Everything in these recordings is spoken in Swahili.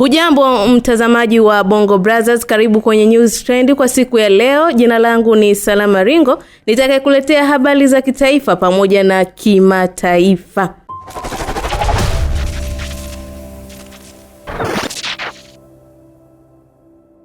Hujambo mtazamaji wa Bongo Brothers, karibu kwenye News Trend kwa siku ya leo. Jina langu ni Salama Ringo, nitakayekuletea habari za kitaifa pamoja na kimataifa.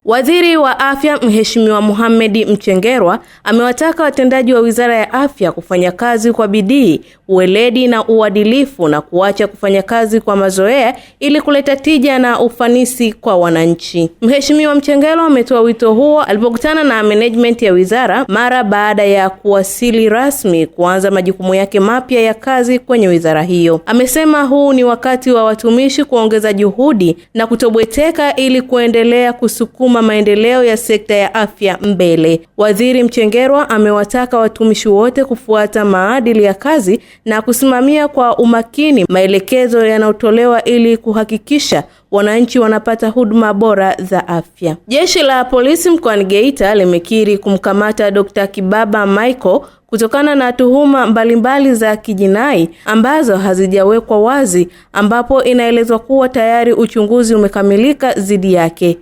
Waziri wa Afya Mheshimiwa Mohamed Mchengerwa amewataka watendaji wa Wizara ya Afya kufanya kazi kwa bidii, uweledi na uadilifu na kuacha kufanya kazi kwa mazoea ili kuleta tija na ufanisi kwa wananchi. Mheshimiwa Mchengerwa ametoa wito huo alipokutana na management ya wizara mara baada ya kuwasili rasmi kuanza majukumu yake mapya ya kazi kwenye wizara hiyo. Amesema huu ni wakati wa watumishi kuongeza juhudi na kutobweteka ili kuendelea kusukuma kusukuma maendeleo ya sekta ya afya mbele. Waziri Mchengerwa amewataka watumishi wote kufuata maadili ya kazi na kusimamia kwa umakini maelekezo yanayotolewa ili kuhakikisha wananchi wanapata huduma bora za afya. Jeshi la polisi mkoani Geita limekiri kumkamata Dr. Kibaba Michael kutokana na tuhuma mbalimbali za kijinai ambazo hazijawekwa wazi, ambapo inaelezwa kuwa tayari uchunguzi umekamilika dhidi yake.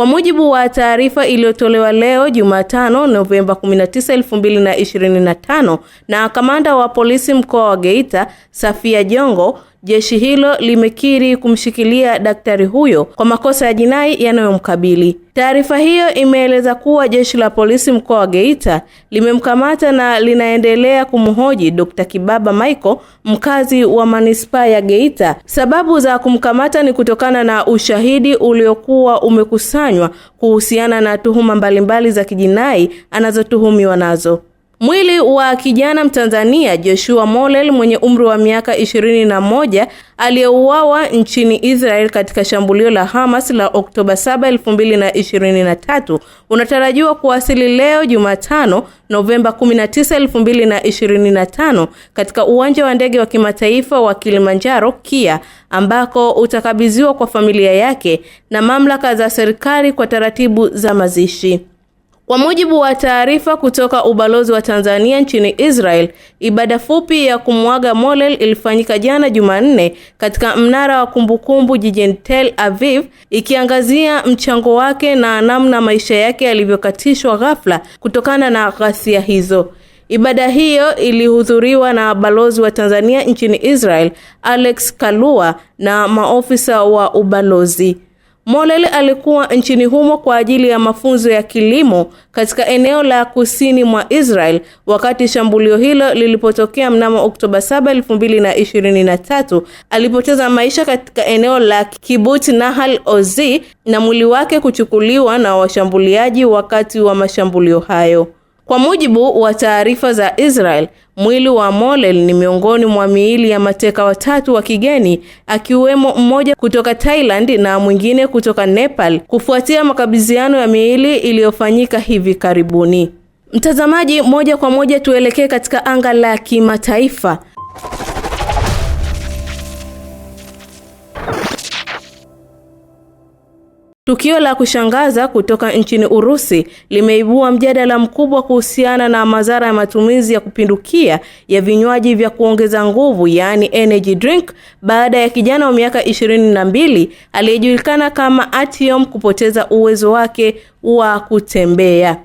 Kwa mujibu wa taarifa iliyotolewa leo Jumatano Novemba 19, 2025 na kamanda wa polisi mkoa wa Geita Safia Jongo Jeshi hilo limekiri kumshikilia daktari huyo kwa makosa ya jinai yanayomkabili. Taarifa hiyo imeeleza kuwa jeshi la polisi mkoa wa Geita limemkamata na linaendelea kumhoji Dr. Kibaba Michael, mkazi wa manispaa ya Geita. Sababu za kumkamata ni kutokana na ushahidi uliokuwa umekusanywa kuhusiana na tuhuma mbalimbali za kijinai anazotuhumiwa nazo. Mwili wa kijana Mtanzania Joshua Molel mwenye umri wa miaka ishirini na moja aliyeuawa nchini Israel katika shambulio la Hamas la Oktoba 7, 2023 unatarajiwa kuwasili leo Jumatano, Novemba 19, 2025 katika uwanja wa ndege wa kimataifa wa Kilimanjaro KIA ambako utakabidhiwa kwa familia yake na mamlaka za serikali kwa taratibu za mazishi. Kwa mujibu wa taarifa kutoka ubalozi wa Tanzania nchini Israel, ibada fupi ya kumwaga Molel ilifanyika jana Jumanne katika mnara wa kumbukumbu jijini Tel Aviv, ikiangazia mchango wake na namna maisha yake yalivyokatishwa ghafla kutokana na ghasia hizo. Ibada hiyo ilihudhuriwa na balozi wa Tanzania nchini Israel, Alex Kalua na maofisa wa ubalozi. Molel alikuwa nchini humo kwa ajili ya mafunzo ya kilimo katika eneo la kusini mwa Israel wakati shambulio hilo lilipotokea mnamo Oktoba 7, 2023. Alipoteza maisha katika eneo la Kibbutz Nahal ozi na mwili wake kuchukuliwa na washambuliaji wakati wa mashambulio hayo. Kwa mujibu wa taarifa za Israel, mwili wa Molel ni miongoni mwa miili ya mateka watatu wa kigeni akiwemo mmoja kutoka Thailand na mwingine kutoka Nepal kufuatia makabidhiano ya miili iliyofanyika hivi karibuni. Mtazamaji, moja kwa moja tuelekee katika anga la kimataifa. Tukio la kushangaza kutoka nchini Urusi limeibua mjadala mkubwa kuhusiana na madhara ya matumizi ya kupindukia ya vinywaji vya kuongeza nguvu yaani energy drink baada ya kijana wa miaka ishirini na mbili aliyejulikana kama Artyom kupoteza uwezo wake wa kutembea.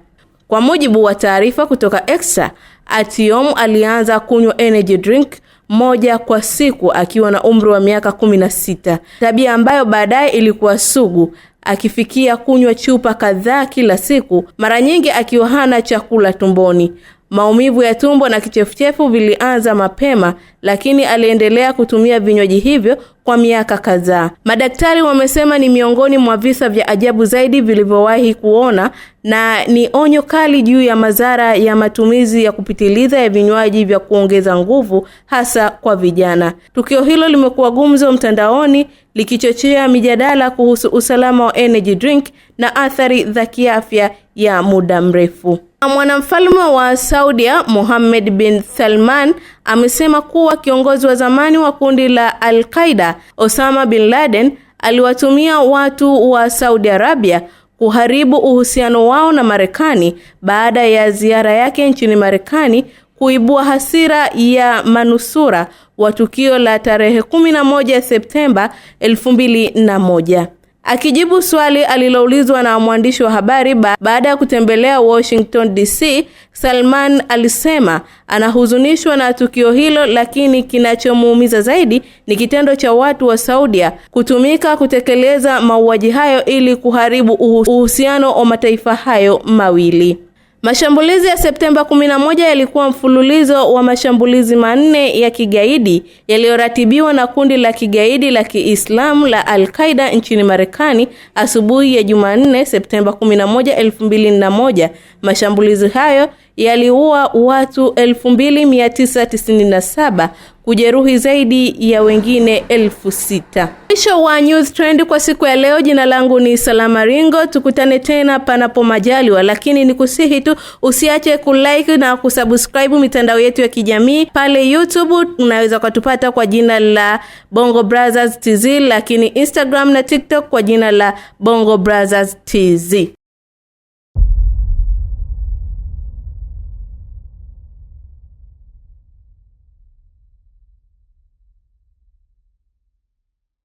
Kwa mujibu wa taarifa kutoka Extra, Artyom alianza kunywa energy drink moja kwa siku akiwa na umri wa miaka kumi na sita, tabia ambayo baadaye ilikuwa sugu akifikia kunywa chupa kadhaa kila siku, mara nyingi akiwa hana chakula tumboni. Maumivu ya tumbo na kichefuchefu vilianza mapema, lakini aliendelea kutumia vinywaji hivyo kwa miaka kadhaa. Madaktari wamesema ni miongoni mwa visa vya ajabu zaidi vilivyowahi kuona na ni onyo kali juu ya madhara ya matumizi ya kupitiliza ya vinywaji vya kuongeza nguvu hasa kwa vijana. Tukio hilo limekuwa gumzo mtandaoni likichochea mijadala kuhusu usalama wa energy drink na athari za kiafya ya muda mrefu. Mwanamfalme wa Saudia Mohammed bin Salman amesema kuwa kiongozi wa zamani wa kundi la Al-Qaida Osama bin Laden aliwatumia watu wa Saudi Arabia kuharibu uhusiano wao na Marekani baada ya ziara yake nchini Marekani kuibua hasira ya manusura wa tukio la tarehe 11 Septemba 2001. Akijibu swali aliloulizwa na mwandishi wa habari baada ya kutembelea Washington DC, Salman alisema anahuzunishwa na tukio hilo, lakini kinachomuumiza zaidi ni kitendo cha watu wa Saudia kutumika kutekeleza mauaji hayo ili kuharibu uhusiano wa mataifa hayo mawili. Mashambulizi ya Septemba 11 yalikuwa mfululizo wa mashambulizi manne ya kigaidi yaliyoratibiwa na kundi la kigaidi la Kiislamu la Al-Qaeda nchini Marekani asubuhi ya Jumanne Septemba 11, 2001. Mashambulizi hayo yaliua watu 2997 kujeruhi zaidi ya wengine 6 Mwisho wa News Trend kwa siku ya leo. Jina langu ni Salama Ringo, tukutane tena panapo majaliwa, lakini nikusihi tu usiache kulike na kusubscribe mitandao yetu ya kijamii. Pale YouTube unaweza ukatupata kwa jina la Bongo Brothers TZ, lakini Instagram na TikTok kwa jina la Bongo Brothers TZ.